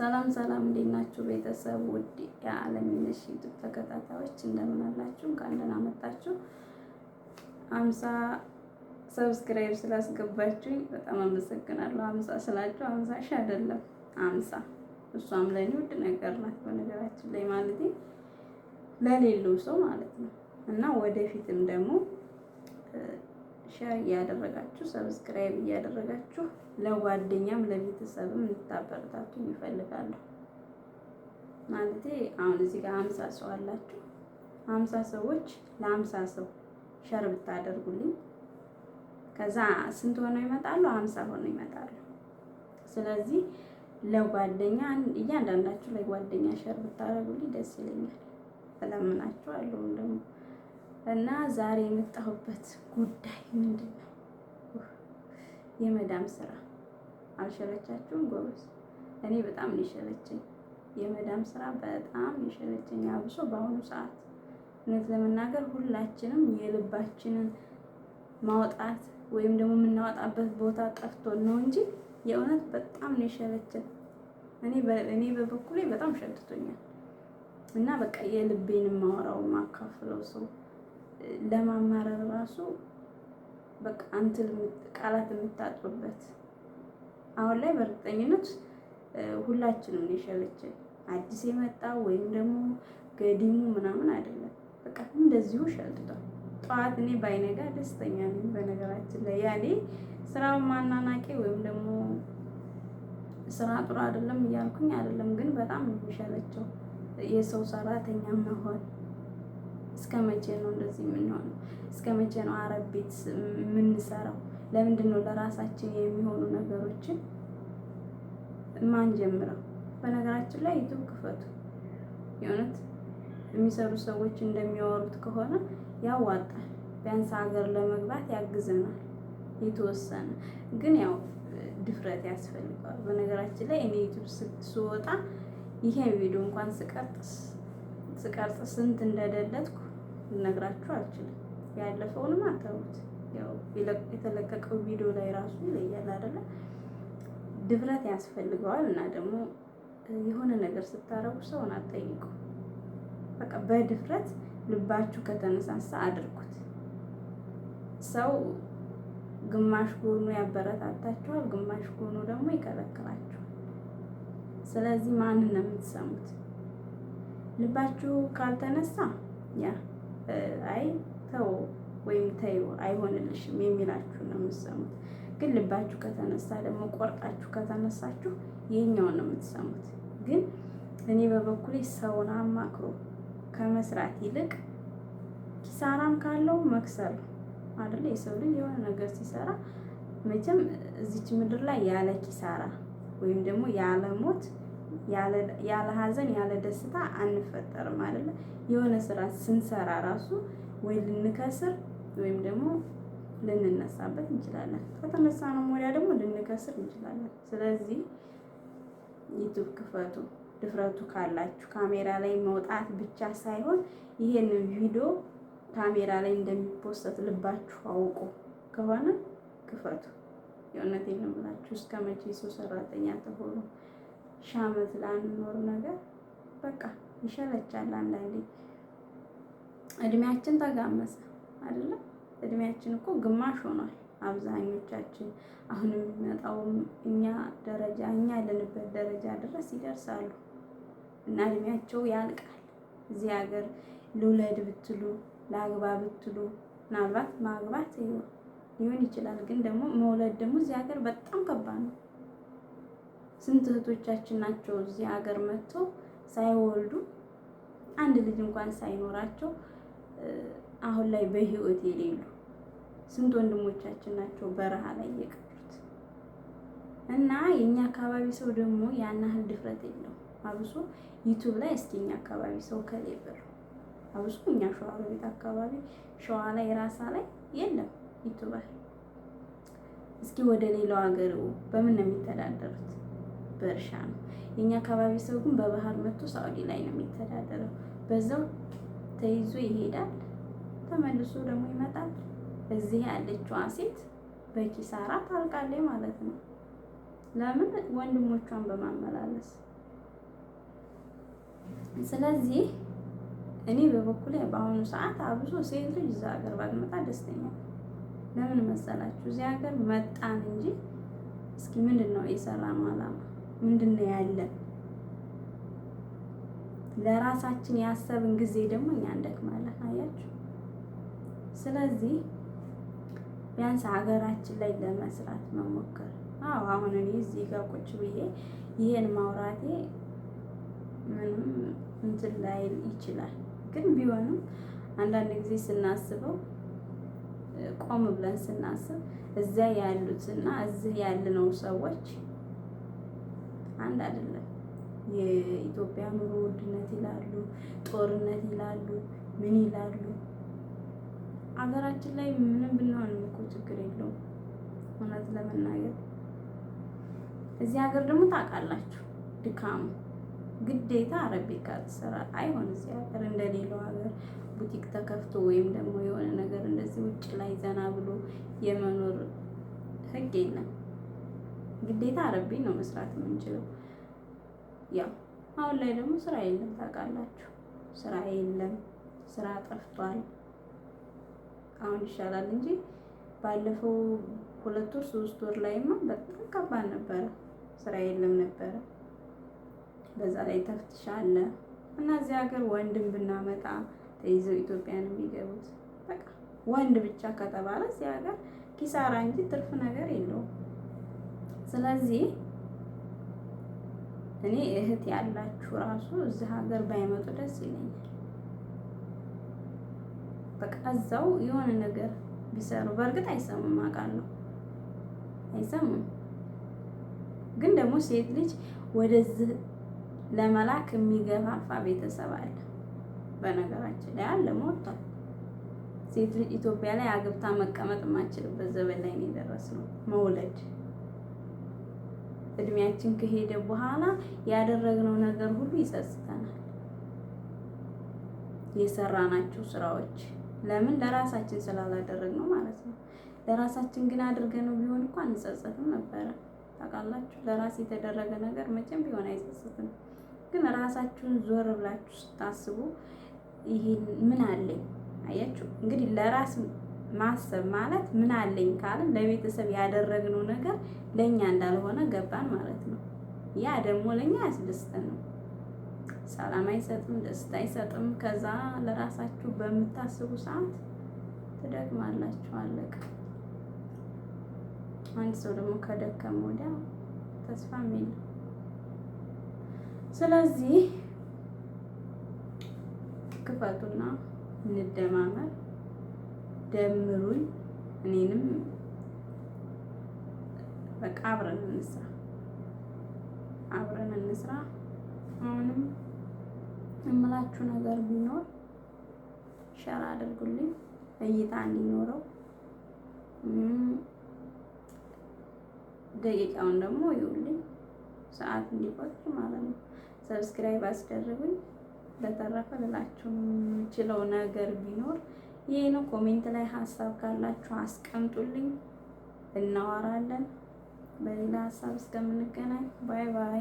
ሰላም ሰላም፣ እንዴት ናችሁ ቤተሰብ? ውድ የዓለምነሽ ዩቱብ ተከታታዮች እንደምን አላችሁ? እንኳን ደህና መጣችሁ። አምሳ ሰብስክራይብ ስላስገባችሁኝ በጣም አመሰግናለሁ። አምሳ ስላችሁ አምሳ ሺህ አይደለም አምሳ እሷም ለእኔ ውድ ነገር ናት። በነገራችን ላይ ማለት ለሌለው ሰው ማለት ነው እና ወደፊትም ደግሞ ሸር እያደረጋችሁ ሰብስክራይብ እያደረጋችሁ ለጓደኛም ለቤተሰብም እንድታበረታቱ ይፈልጋሉ። ማለት አሁን እዚህ ጋር ሀምሳ ሰው አላችሁ። ሀምሳ ሰዎች ለሀምሳ ሰው ሸር ብታደርጉልኝ ከዛ ስንት ሆነው ይመጣሉ? ሀምሳ ሆነው ይመጣሉ። ስለዚህ ለጓደኛ እያንዳንዳችሁ ለጓደኛ ሸር ብታደርጉልኝ ደስ ይለኛል። እለምናችኋለሁ ደግሞ እና ዛሬ የመጣሁበት ጉዳይ ምንድን ነው? የመዳም ስራ አልሸለቻችሁም ጎበዝ? እኔ በጣም ነው የሸለቸኝ። የመዳም ስራ በጣም የሸለቸኝ፣ አብሶ በአሁኑ ሰዓት። እውነት ለመናገር ሁላችንም የልባችንን ማውጣት ወይም ደግሞ የምናወጣበት ቦታ ጠፍቶ ነው እንጂ የእውነት በጣም ነው የሸለችን። እኔ በበኩሌ በጣም ሸልትቶኛል እና በቃ የልቤን ማወራው ማካፍለው ሰው ለማማረር ራሱ በቃ እንትን ቃላት የምታጥሩበት አሁን ላይ በእርግጠኝነት ሁላችንም ነው የሸለችን። አዲስ የመጣው ወይም ደግሞ ገዲሙ ምናምን አይደለም፣ በቃ እንደዚሁ ሸልጥቷል ጠዋት እኔ ባይነጋ ደስተኛ ነኝ። በነገራችን ላይ ያኔ ስራውን ማናናቄ ወይም ደግሞ ስራ ጥሩ አይደለም እያልኩኝ አይደለም፣ ግን በጣም ነው የሚሸለቸው የሰው ሰራተኛ መሆን እስከ መቼ ነው እንደዚህ የምንሆነው? እስከ መቼ ነው አረብ ቤት የምንሰራው? ለምንድን ነው ለራሳችን የሚሆኑ ነገሮችን ማን ጀምረው? በነገራችን ላይ ዩቱብ ክፈቱ። የእውነት የሚሰሩ ሰዎች እንደሚያወሩት ከሆነ ያዋጣል። ቢያንስ ሀገር ለመግባት ያግዘናል። የተወሰነ ግን ያው ድፍረት ያስፈልገዋል። በነገራችን ላይ እኔ ዩቱብ ስወጣ ይሄ ቪዲዮ እንኳን ስቀርጥ ስቀርጽ ስንት እንደደለትኩ ልነግራችሁ አልችልም። ያለፈውንም አታዩት። ያው የተለቀቀው ቪዲዮ ላይ ራሱ ይለያል አይደለ? ድፍረት ያስፈልገዋል። እና ደግሞ የሆነ ነገር ስታረጉ ሰውን አትጠይቁ። በቃ በድፍረት ልባችሁ ከተነሳሳ አድርጉት። ሰው ግማሽ ጎኑ ያበረታታችኋል፣ ግማሽ ጎኑ ደግሞ ይከለክላችኋል። ስለዚህ ማንን ነው የምትሰሙት? ልባችሁ ካልተነሳ ያ አይ ተው ወይም ተዩ አይሆንልሽም የሚላችሁ ነው የምትሰሙት። ግን ልባችሁ ከተነሳ ደግሞ ቆርጣችሁ ከተነሳችሁ ይህኛውን ነው የምትሰሙት። ግን እኔ በበኩሌ ሰውን አማክሮ ከመስራት ይልቅ ኪሳራም ካለው መክሰር አይደለ? የሰው ልጅ የሆነ ነገር ሲሰራ መቼም እዚች ምድር ላይ ያለ ኪሳራ ወይም ደግሞ ያለ ሞት ያለ ሀዘን ያለ ደስታ አንፈጠርም አይደለ? የሆነ ስራ ስንሰራ ራሱ ወይ ልንከስር ወይም ደግሞ ልንነሳበት እንችላለን። ከተነሳንም ወዲያ ደግሞ ልንከስር እንችላለን። ስለዚህ ዩቱብ ክፈቱ። ድፍረቱ ካላችሁ ካሜራ ላይ መውጣት ብቻ ሳይሆን ይሄን ቪዲዮ ካሜራ ላይ እንደሚፖሰት ልባችሁ አውቁ ከሆነ ክፈቱ። የእውነቴን ነው የምላችሁ። እስከ መቼ ሰው ሰራተኛ ተሆኑ? ሻመት ላንኖሩ ነገር በቃ ይሸለቻል። አንዳንዴ እድሜያችን ተጋመሰ አይደለም። እድሜያችን እኮ ግማሽ ሆኗል። አብዛኞቻችን አሁን የሚመጣውም እኛ ደረጃ እኛ ያለንበት ደረጃ ድረስ ይደርሳሉ እና እድሜያቸው ያልቃል። እዚህ ሀገር ልውለድ ብትሉ ለአግባ ብትሉ ምናልባት ማግባት ሊሆን ይችላል፣ ግን ደግሞ መውለድ ደግሞ እዚህ ሀገር በጣም ከባድ ነው። ስንት እህቶቻችን ናቸው እዚህ ሀገር መጥቶ ሳይወልዱ አንድ ልጅ እንኳን ሳይኖራቸው አሁን ላይ በህይወት የሌሉ ስንት ወንድሞቻችን ናቸው በረሃ ላይ የቀሩት። እና የኛ አካባቢ ሰው ደግሞ ያን ያህል ድፍረት የለው። አብሶ ዩቱብ ላይ እስኪ የኛ አካባቢ ሰው ከሌበር አብሶ እኛ ሸዋ በቤት አካባቢ ሸዋ ላይ ራሳ ላይ የለም ዩቱበር። እስኪ ወደ ሌላው ሀገር በምን ነው የሚተዳደሩት? በእርሻ ነው። የኛ አካባቢ ሰው ግን በባህር መጥቶ ሳውዲ ላይ ነው የሚተዳደረው። በዛው ተይዞ ይሄዳል፣ ተመልሶ ደግሞ ይመጣል። እዚህ ያለችዋ ሴት በኪሳራ ታልቃለች ማለት ነው። ለምን ወንድሞቿን በማመላለስ ስለዚህ እኔ በበኩሌ በአሁኑ ሰዓት አብሶ ሴት ልጅ እዛ ሀገር ባልመጣ ደስተኛ ለምን መሰላችሁ? እዚህ ሀገር መጣን እንጂ እስኪ ምንድን ነው የሰራነው አላማ ምንድን ነው ያለን? ለራሳችን ያሰብን ጊዜ ደግሞ እኛ እንደክማለን። አያችሁ። ስለዚህ ቢያንስ ሀገራችን ላይ ለመስራት መሞከር። አዎ አሁን እኔ እዚህ ጋር ቁጭ ብዬ ይሄን ማውራቴ ምንም እንትን ላይል ይችላል። ግን ቢሆንም አንዳንድ ጊዜ ስናስበው ቆም ብለን ስናስብ እዚያ ያሉትና እዚህ ያለነው ሰዎች አንድ አይደለም። የኢትዮጵያ ኑሮ ውድነት ይላሉ፣ ጦርነት ይላሉ፣ ምን ይላሉ። ሀገራችን ላይ ምንም ብንሆን እኮ ችግር የለውም። እውነት ለመናገር እዚህ ሀገር ደግሞ ታውቃላችሁ ድካሙ ግዴታ አረቤካ ትሰራ አይሆን። እዚህ ሀገር እንደሌለው ሀገር ቡቲክ ተከፍቶ ወይም ደግሞ የሆነ ነገር እንደዚህ ውጭ ላይ ዘና ብሎ የመኖር ህግ የለም። ግዴታ አረቤ ነው መስራት የምንችለው። ያው አሁን ላይ ደግሞ ስራ የለም ታውቃላችሁ፣ ስራ የለም፣ ስራ ጠፍቷል። አሁን ይሻላል እንጂ ባለፈው ሁለት ወር ሶስት ወር ላይማ በጣም ከባድ ነበረ፣ ስራ የለም ነበረ። በዛ ላይ ተፍትሽ አለ እና እዚህ ሀገር ወንድም ብናመጣ ተይዘው ኢትዮጵያን የሚገቡት በቃ ወንድ ብቻ ከተባለ እዚህ ሀገር ኪሳራ እንጂ ትርፍ ነገር የለውም። ስለዚህ እኔ እህት ያላችሁ ራሱ እዚህ ሀገር ባይመጡ ደስ ይለኛል። በቃ እዛው የሆነ ነገር ቢሰሩ። በእርግጥ አይሰሙም አውቃለሁ፣ አይሰሙም። ግን ደግሞ ሴት ልጅ ወደዚህ ለመላክ የሚገፋፋ ቤተሰብ አለ። በነገራችን ላይ አለ ሞቷል። ሴት ልጅ ኢትዮጵያ ላይ አግብታ መቀመጥ የማችልበት ዘመን ላይ ነው የደረስነው መውለድ እድሜያችን ከሄደ በኋላ ያደረግነው ነገር ሁሉ ይጸጽተናል። የሰራናቸው ስራዎች ለምን ለራሳችን ስላላደረግነው ማለት ነው። ለራሳችን ግን አድርገነው ቢሆን እንኳን አንጸጸትም ነበረ። ታውቃላችሁ፣ ለራስ የተደረገ ነገር መቼም ቢሆን አይጸጸትም። ግን ራሳችሁን ዞር ብላችሁ ስታስቡ ይሄ ምን አለኝ አያችሁ እንግዲህ ለራስ ማሰብ ማለት ምን አለኝ ካልን ለቤተሰብ ያደረግነው ነገር ለእኛ እንዳልሆነ ገባን ማለት ነው። ያ ደግሞ ለእኛ ያስደስተን ነው። ሰላም አይሰጥም፣ ደስታ አይሰጥም። ከዛ ለራሳችሁ በምታስቡ ሰዓት ትደግማላችሁ። አለቀ። አንድ ሰው ደግሞ ከደከመ ወዲያ ተስፋ የሚል ስለዚህ ክፈቱና እንደማመር ደምሩኝ፣ እኔንም በቃ አብረን እንስራ አብረን እንስራ። አሁንም የምላችሁ ነገር ቢኖር ሸር አድርጉልኝ እይታ እንዲኖረው ደቂቃውን ደግሞ ይውልኝ ሰዓት እንዲቆጥር ማለት ነው። ሰብስክራይብ አስደርጉኝ። በተረፈ ልላችሁ የምችለው ነገር ቢኖር ይህ ነው። ኮሜንት ላይ ሀሳብ ካላችሁ አስቀምጡልኝ፣ እናወራለን። በሌላ ሀሳብ እስከምንገናኝ ባይ ባይ።